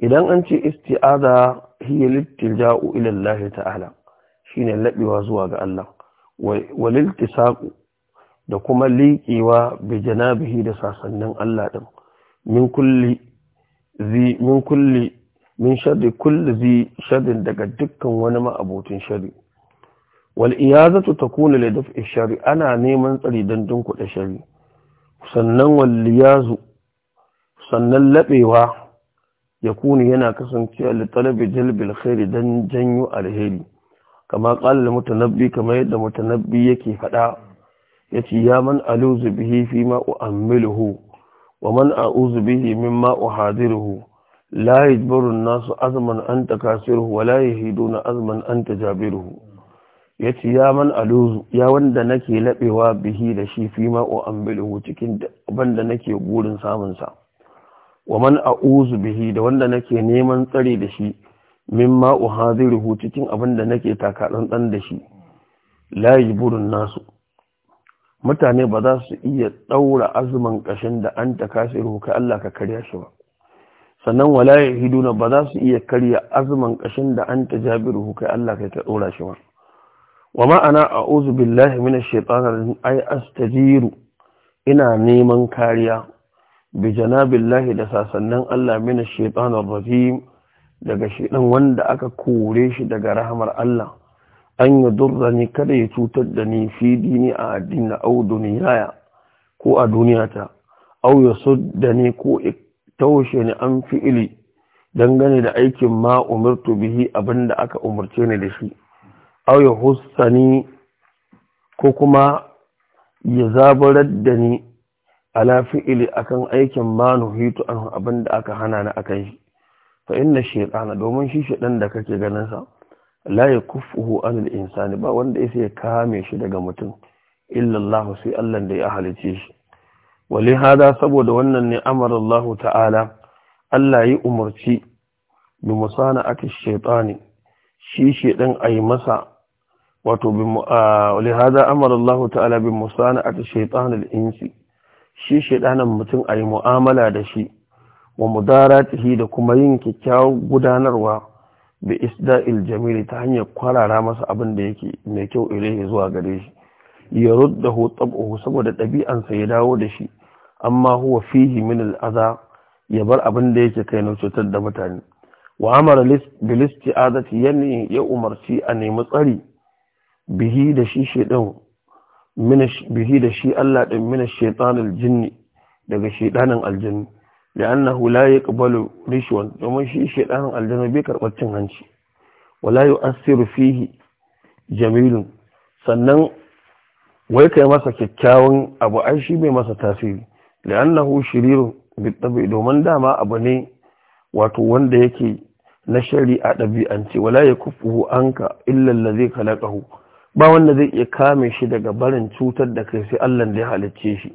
idan an ce isti'aza hiya lilja'u ila Allah ta'ala shine labewa zuwa ga Allah wal iltisaqu da kuma liƙewa bi janabihi da sasannin Allah ɗin min kulli zi min kulli min shaddi kulli zi daga dukkan wani ma'abotin shari wal iyazatu takunu li daf'i shari? ana neman tsari don da shari. sannan wal liyazu sannan labewa yana kasancewa talabijin talabi jalbil khairi dan جنيو alheri كما qala mutanabbi كما yadda mutanabbi yake فدا ya ce ya man aluzu bihi fi ma u'ammiluhu wa man a'uzu bihi mimma uhadiruhu la yajburu nasu azman an takasiruhu wa la yahiduna azman an tajabiruhu ya ce ya man aluzu ya wanda nake labewa bihi da shi fi ma u'ammiluhu cikin banda nake burin samun sa wa man a'uzu bihi da wanda nake neman tsare da shi mimma uhadiruhu cikin abin da nake taka dan da shi la yajburu nasu mutane ba za su iya ɗaura azumin ƙashin da an ta ka Allah ka karya shi ba sannan walaye hiduna ba za su iya karya azumin ƙashin da an ta jabiru ka Allah ka ta shi ba wa ma'ana a uzu billahi mina shaitanar ai astajiru ina neman kariya bi janabillahi da sasannan Allah mina shaitanar rajim daga shaitan wanda aka kore shi daga rahamar Allah an yi durra ne kada ya cutar da ni fi dini a addini au duniyaya ko a duniyata au ya da ni ko taushe ni an fi'ili dangane da aikin ma umartu bihi abinda aka umarce ni da shi au ya hussani ko kuma ya zabarar da ni ala fi'ili akan aikin ma nuhitu an abinda aka hana ni akan shi fa inna shaytana domin shi shaydan da kake ganin sa la kufuhu anil insani ba wanda yake ya kame shi daga mutum illallahu sai Allah da ya halice shi wali hada saboda wannan ne amara Allah ta'ala Allah yi umarci bi musana ake shaytani shi shedan ayi masa wato bi wali hada amara ta'ala bi musana ake shaytani al-insi shi shedanan mutum ayi mu'amala da shi wa mudaratihi da kuma yin kyakkyawar gudanarwa bi isda'il jamili ta hanyar kwarara masa abin da yake mai kyau ilaihi zuwa gare shi ya rudda hu saboda ɗabi'ansa ya dawo da shi amma huwa fihi min al'aza ya bar abin da yake kai na cutar da mutane wa amara bil isti'azati yani ya umarci a nemi tsari bihi da shi bihi da shi Allah din min shaytanil jinni daga shaytanin aljinni da annahu la yaqbalu rishwan domin shi shedanin aljanna bai karɓar cin hanci wala yu'assiru fihi Jamilu? sannan wai kai masa kyakkyawan abu ai shi bai masa tasiri da annahu shiriru bitabi domin dama abu ne wato wanda yake na shari'a ɗabi'ance wala ya kufu anka illan da zai kalakahu ba wanda zai iya kame shi daga barin cutar da kai sai Allah da ya halicce shi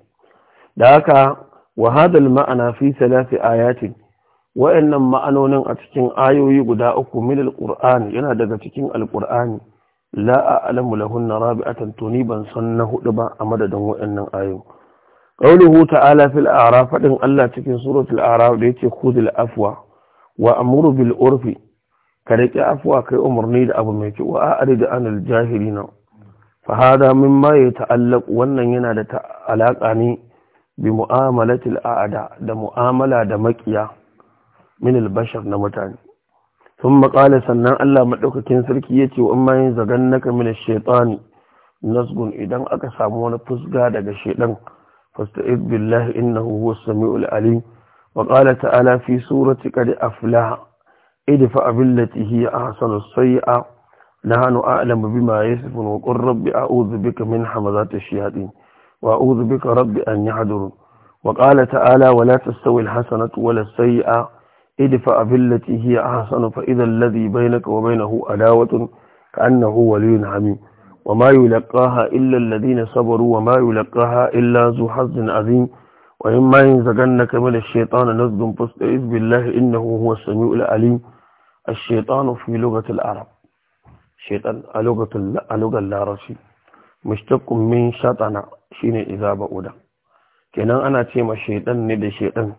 da haka wa hadal ma'ana fi salati ayatin wa'annan ma'anonin a cikin ayoyi guda uku min alqur'ani yana daga cikin alqur'ani la a'lamu lahunna rabi'atan tuni ban san na hudu ba a madadin wa'annan ayo. qawluhu ta'ala fil a'raf fadin Allah cikin suratul a'raf da yake khudhil afwa wa amuru bil urfi ka riƙe afuwa kai umarni da abu mai kyau wa a'rid anil jahilina fa hada mimma yata'allaq wannan yana da alaƙa ne bi mu'amalatil ada da mu'amala da makiya min bashar na mutane sun makala sannan Allah maɗaukakin sarki ya ce wa amma yin zagan naka min shaitani nasgun idan aka samu wani fusga daga shaidan fasta'id billahi innahu huwa samiul alim wa qala ta'ala fi surati qad aflaha idfa billati hiya ahsanu sayi'a nahnu a'lamu bima yasifun wa qur rabbi a'udhu bika min hamazati shayatin وأعوذ بك رب أن يحضرون وقال تعالى ولا تستوي الحسنة ولا السيئة ادفع بالتي هي أحسن فإذا الذي بينك وبينه أداوة كأنه ولي حميم وما يلقاها إلا الذين صبروا وما يلقاها إلا ذو حظ عظيم وإما ينزغنك من الشيطان نزغ فاستعذ بالله إنه هو السميع العليم الشيطان في لغة العرب شيطان لغة اللغة العربية mushtaqqun min shatana shine Izaba Uda. kenan ana ce ma Shaidan ne da Shaidan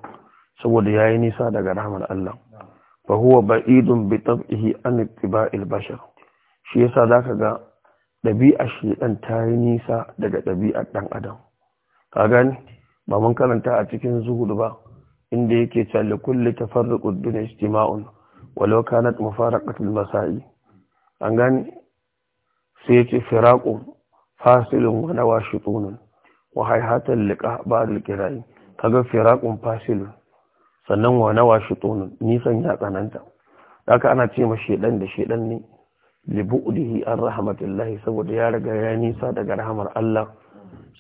saboda yayi nisa daga rahmar Allah fa huwa ba'idun bi tab'ihi an ittiba'il bashar shi yasa zaka ga ɗabi'ar Shaidan ta yi nisa daga ɗabi'ar dan adam ka gani ba mun karanta a cikin zuhud ba inda yake cewa li kulli tafarruqud dunya ijtima'un walau kanat mufaraqatul masa'i an gani sai yake firaqun fasilun wa nawashitun wa hayhatan liqabar alqirai kaga firaqun fasilun sannan wa nawashitun nisan ya tsananta haka ana ce ma shaiɗan da shaiɗan ne libu'dihi an rahmatullahi saboda ya riga ya nisa daga rahamar Allah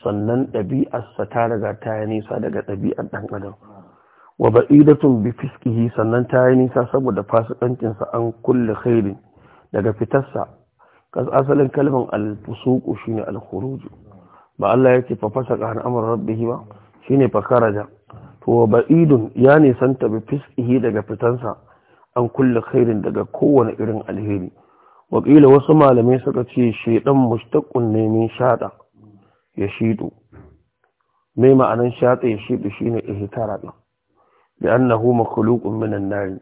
sannan ɗabi'arsa ta riga ta yi nisa daga ɗabi'ar ɗan adam wa ba'idatun bi fiskihi sannan ta yi nisa saboda fasikancinsa an kulle khairin daga fitarsa asalin kalmar alfusuku shine alkhuruju ba Allah yake fa fasaka an amr rabbih ba shine fa karaja to ba'idun ya santa bi fisqihi daga fitansa an kulle khairin daga kowane irin alheri qila wasu malamai suka ce shedan mushtaqun ne min shada ya shidu mai ma'anan shada ya shidu shine ihtara da bi annahu makhluqun min an-nar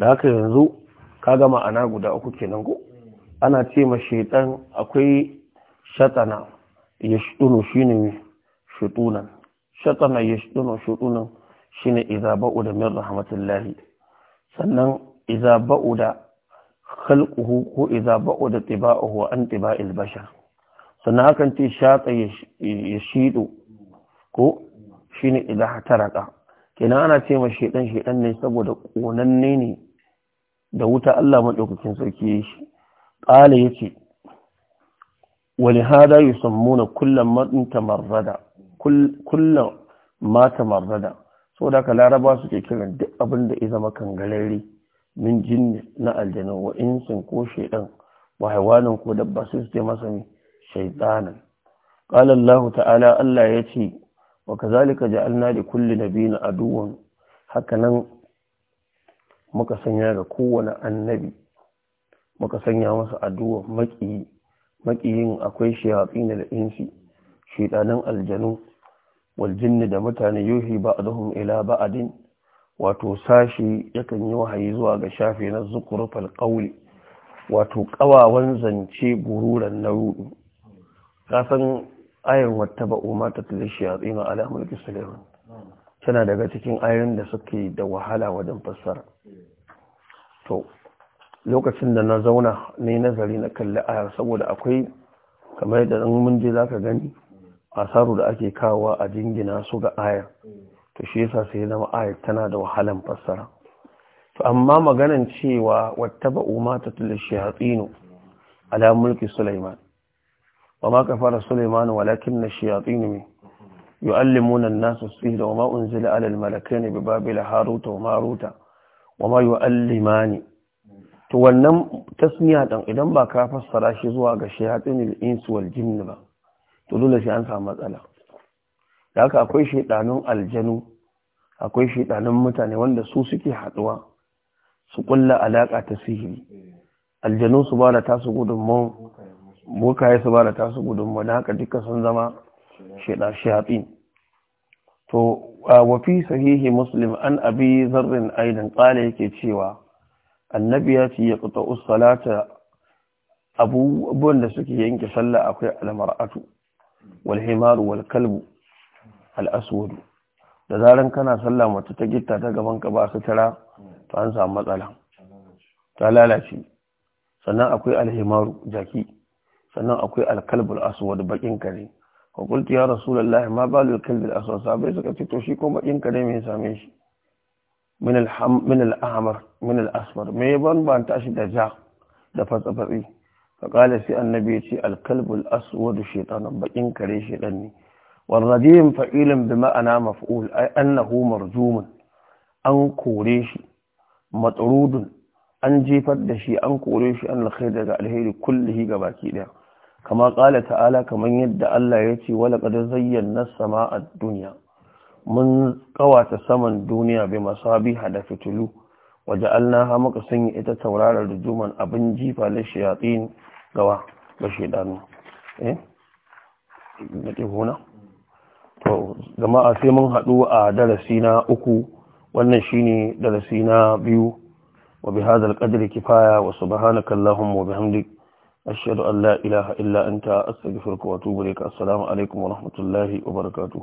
da haka yanzu kaga ma'ana guda uku kenan ko ana ce ma shaitan akwai shatana ya shuɗuno shi ne shuɗunan shatana ya shuɗuno shuɗunan shi ne izaba'u da min rahmatullahi sannan izaba'u da halƙuhu ko izaba'u da tiba'uhu an tiba'il bashar sannan hakan ce shata ya shiɗo ko shi ne idan taraka kenan ana ce ma shaitan shaitan ne saboda ƙonanne ne da wuta Allah maɗaukakin sarki ya yi shi ƙala ya ce wani hada yi sammuna kullum mata marrada sau da ka laraba suke kiran duk abin da ya zama kangarare min jini na aljanu wa sun ko shaidan wa haiwanin ko dabba su ce masa ne shaidanan Allah ta'ala Allah ya ce wa ka zalika ja'alna da kulli biyu na aduwan nan muka sanya ga kowane annabi muka sanya masa addu'a maƙiyi maƙiyin akwai shayatsin da insi shidanan aljanu wal da mutane yuhi ba'dhum ila ba'din wato sashi yakan yi wahayi zuwa ga shafe na zukurfal qawli wato ƙawawan zance bururan ka kasan ayin wata ba umata tilishiya tsina ala mulki tana daga cikin ayoyin da suke da wahala wajen fassara to lokacin da na zauna ne nazari na kalli ayar saboda akwai kamar yadda ɗan mun je zaka gani asaru da ake kawo a jingina su ga ayar to shi yasa sai zama ayar tana da wahalan fassara to amma maganan cewa wattaba umata tul shayatin ala mulki sulaiman wa ma kafara sulaiman walakin ash-shayatin min yu'allimuna an-nasa as-sihr wa ma unzila ala malakaini bi babila haruta wa maruta wa ma yu'allimani to wannan tasmiya ɗan idan ba ka fassara shi zuwa ga shayatinil insu wal jinni ba to dole sai an samu matsala da haka akwai shaidanun aljanu akwai shaidanun mutane wanda su suke haɗuwa su kulla alaƙa ta sihiri aljanu su ba da tasu gudunmu bukaye su ba da tasu gudunmu da haka duka sun zama shaidatsin to wafi sahihi muslim an abi zarrin aidan ƙala yake cewa annabi ya ce ya kuta usalata abubuwan da suke yanke sallah akwai mar'atu wal himaru wal kalbu al aswadu da zaran kana sallah mace ta gitta ta gaban ka ba su tara to an samu matsala ta lalace sannan akwai al himaru jaki sannan akwai al kalbu al aswad bakin kare ko kulti ya rasulullahi ma balu al kalbu al aswad sabai suka ce to shi ko bakin kare me ya same shi min al'amar min al'asfar mai banbanta shi da ja da fatsafatsi faƙalar sai annabi ya ce alkalbul aswadu shaitanan Baƙin kare shaitan ne warradin fa'ilin bi ma'ana maf'ul ai annahu marjumun an kore shi matsurudun an jefar da shi an kore shi an alkhair daga alheri kullihi ga baki ɗaya. kama ƙala ta'ala kamar yadda Allah ya ce wala qad zayyana as-sama'a ad mun kawata saman duniya bi masabiha da fitulu waje alna ha maka sanya ita taurarar juman abin jifa da shayatin gawa ga shaidanu eh to jama'a sai mun haɗu a darasi na uku wannan shine darasi na biyu wa bi hadal kifaya wa subhanaka allahumma wa bihamdik ashhadu an la ilaha illa anta astaghfiruka wa atubu ilaik assalamu alaikum wa rahmatullahi wa barakatuh